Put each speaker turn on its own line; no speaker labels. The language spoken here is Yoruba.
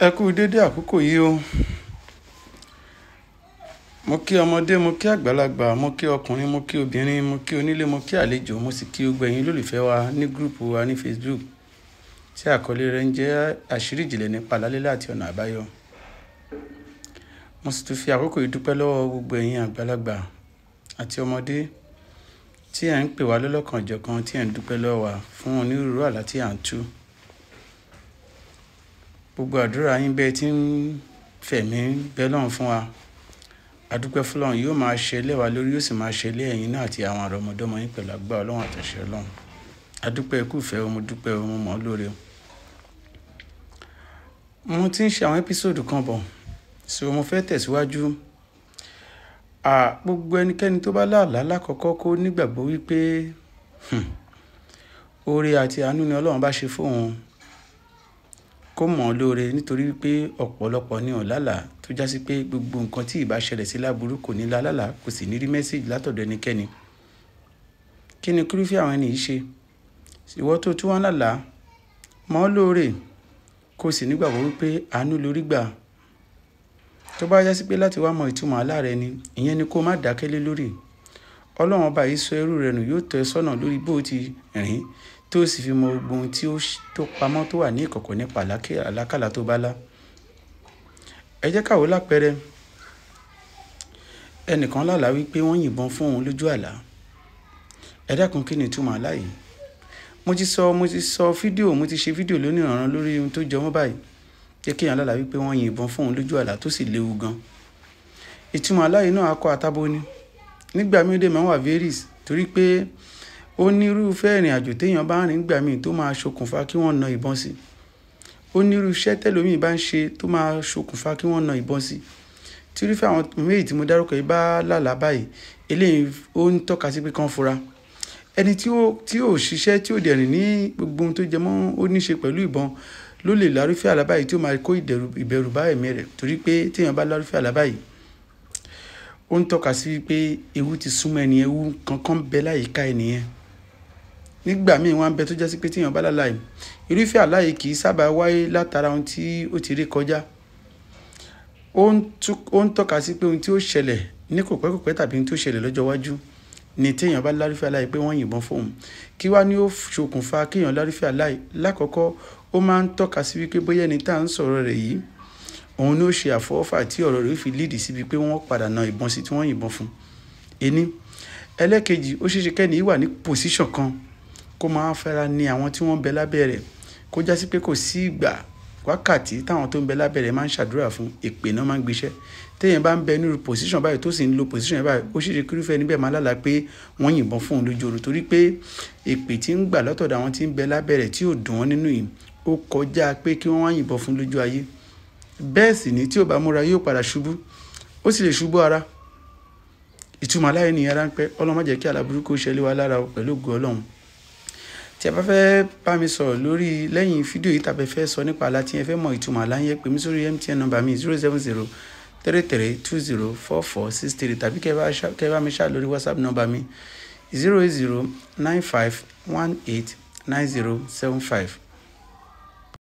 ẹ kú dédé àkókò yìí o mo kí ọmọdé mo kí àgbàlagbà mo kí ọkùnrin mo kí obìnrin mo kí onílé mo kí àlejò mo sì kí gbogbo ẹ̀yin lólùfẹ́ wa ní gúrùpù wa ní facebook tí àkọlé rẹ̀ ń jẹ́ àṣírí ìjìnlẹ̀ nípa àlálẹ́ àti ọ̀nà àbáyọ mo sì tún fi àkókò yìí dúpẹ́ lọ́wọ́ gbogbo ẹ̀yin àgbàlagbà àti ọmọdé tí ẹ̀ ń pè wá lọ́lọ́kanòjọ̀kan tí ẹ̀ ń dúpẹ́ lọ́wọ́ wa fún onírúurú àlá tí à ń tú gbogbo àdúrà yín bẹ́ẹ̀ tí ń fẹ̀mí bẹ́ẹ̀ lọ́n fún wa adúpẹ́ fúlọ́run yóò máa ṣe lẹ́wà lórí yóò sì máa ṣe lé ẹ̀yin náà àti àwọn àrọ́mọdọ́mọ yín pẹ̀lú àgbà ọlọ́run àtẹ̀ṣe ọlọ́run adúpẹ́ ikúfẹ́ omi dúpẹ́ omi mọ́ lóore mo ti ń ṣe àwọn ẹ́písòdù kan bọ̀ so mo fẹ́ tẹ̀síwájú gbogbo ẹnikẹ́ni tó bá láàlá lákọ̀ọ́kọ́ kó nígbàgbọ́ wípé hmm, oore àti àánú ni ọlọ́run bá ṣe fóun kó mọ̀ ọ́ lóore nítorí pé ọ̀pọ̀lọpọ̀ ni ò lálà tó já sí pé gbogbo nǹkan tí ìbá ṣẹlẹ̀ sí láburú kò ní lálà kò sì ní rí mẹ́síjì látọ̀dọ̀ ẹnikẹ́ni kí ni kúrúfì àwọn ẹni yìí ṣe ìwọ tó tún wọn lálà mọ̀ ọ́ lóore kó sì nígbàgbọ́ wípé àánú lórí gbà tó bá já sí pé láti wá mọ ìtumọ̀ àlá rẹ ni ìyẹn ni kó má dákẹ́lé lórí ọlọ́run ọba yìí sọ ẹrú rẹ nù yóò tọ́ sọ́nà lórí bó ti rìn tó sì fi mọ gbogbo ohun tí ó tó pamọ́ tó wà ní ìkọ̀kọ̀ nípa àlákàlà tó bá lá ẹ jẹ́ ká wò lápẹẹrẹ ẹnìkan lálà wípé wọ́n yìnbọn fún òun lójú àlá ẹ dákun kí ni ìtumọ̀ àlá yìí mo ti sọ mo ti sọ fídíò mo ti ṣe fídíò lónìrànràn lórí ohun tó jọ mọ́ báyìí jẹ́ kéèyàn lálà wípé wọ́n yìnbọn fún òun lójú àlá tó sì léwu gan ìtumọ̀ àlá yìí náà akọ àtabo ni nígbà míì ó dé máa ń wà varies torí pé ó nírúfẹ́ ìrìn àjò téèyàn bá rìn gbà míì tó máa ṣokùnfà kí wọ́n na ìbọn sí ó nírúfẹ́ tẹ́lómìn bá ń ṣe tó máa ṣokùnfà kí wọ́n na ìbọn sí tí irúfẹ́ àwọn méjì tí mo dárúkọ yìí bá lálàá báyìí eléyìí ó ń tọ́ka sí pé kán fura ẹni tí ò ṣiṣẹ́ tí ò dẹ̀rìn ní gbogbo ohun tó jẹ mọ́ ó ní ṣe pẹ̀lú ìbọn ló lè lárúfẹ́ àlábáyìí tí ó máa kó ìbẹ̀rù bá ẹ̀mí rẹ̀ torí pé téèyàn bá lárúfẹ́ àlábáyìí ó ń tọ́ka sí pé ewu ti súnmọ́ ẹni ewu kankan bẹ láyìíká ẹnìyẹn nígbà míì wọn bẹ tó jẹ́ sí pé tíyàn bá láláì irúfẹ́ àláyé kì í sábà wáyé látara ohun tí ó ti rí kọjá ó ń tọ́ka sí pé ohun tí ó ṣẹlẹ̀ ní kò pẹ́ kò pẹ́ tàbí ohun tí ó ṣẹlẹ̀ lọ́jọ́ iwájú ni téèyàn bá lárúfẹ́ aláì pé wọ́n yìnbọn fóun kí wá ní ó ṣokùnfà kéèyàn lárúfẹ́ aláì lákọ̀ọ́kọ́ ó máa ń tọ́ka sí wípé bóyá ẹni tá à ń sọ̀rọ̀ rẹ̀ yìí òun ni ó ṣe àfọwọ́fà tí ọ̀rọ̀ rẹ̀ fi líìdì síbi pé wọ́n padà na ìbọn sí tí wọ́n yìnbọn fún ení ẹlẹ́kejì ó ṣeéṣe kẹ́ni wà ní pòsíṣàn kan kó máa fara ni àwọn tí wọ́n ń bẹ lábẹ́ rẹ̀ kó jásí pé kò sí ìgbà wákàtí táwọn tó ń bẹ lábẹ́ rẹ̀ máa ń ṣàdúrà fún èpè náà máa ń gbéṣẹ́ téèyàn bá ń bẹ nírú position báyìí tó sì ń lo position yẹn báyìí ó ṣe ṣe kírúfẹ́ níbẹ̀ máa lálàá pé wọ́n yìnbọn fún un lójú oru torí pé èpè tí ń gbà lọ́tọ̀dọ̀ àwọn tí ń bẹ lábẹ́ rẹ̀ tí ò dùn wọ́n nínú yìí ó kọjá pé kí wọ́n wá yìnbọn fún lójú ayé bẹ́ẹ̀ sì ni tí ò bá múra yóò padà ṣubú ó sì lè ṣubú ara ìtumọ̀ aláìní ara ń pẹ́ ọlọ́mọ jẹ́ kí aláburúkú ṣẹlẹ̀ wá lára pẹ̀lú ògo ọlọ́run tí ẹ bá fẹ́ bá mi sọ̀rọ̀ lórí lẹ́yìn fídíò yìí tàbí fẹ́ sọ nípa àlá tí ẹ fẹ́ mọ ìtumọ̀ àlá yẹn pè mí sórí mtn number mi zero seven zero three three two zero four four six three tàbí kẹ́ bá mi ṣá lórí whatsapp number mi zero eight zero nine five one eight nine zero seven five.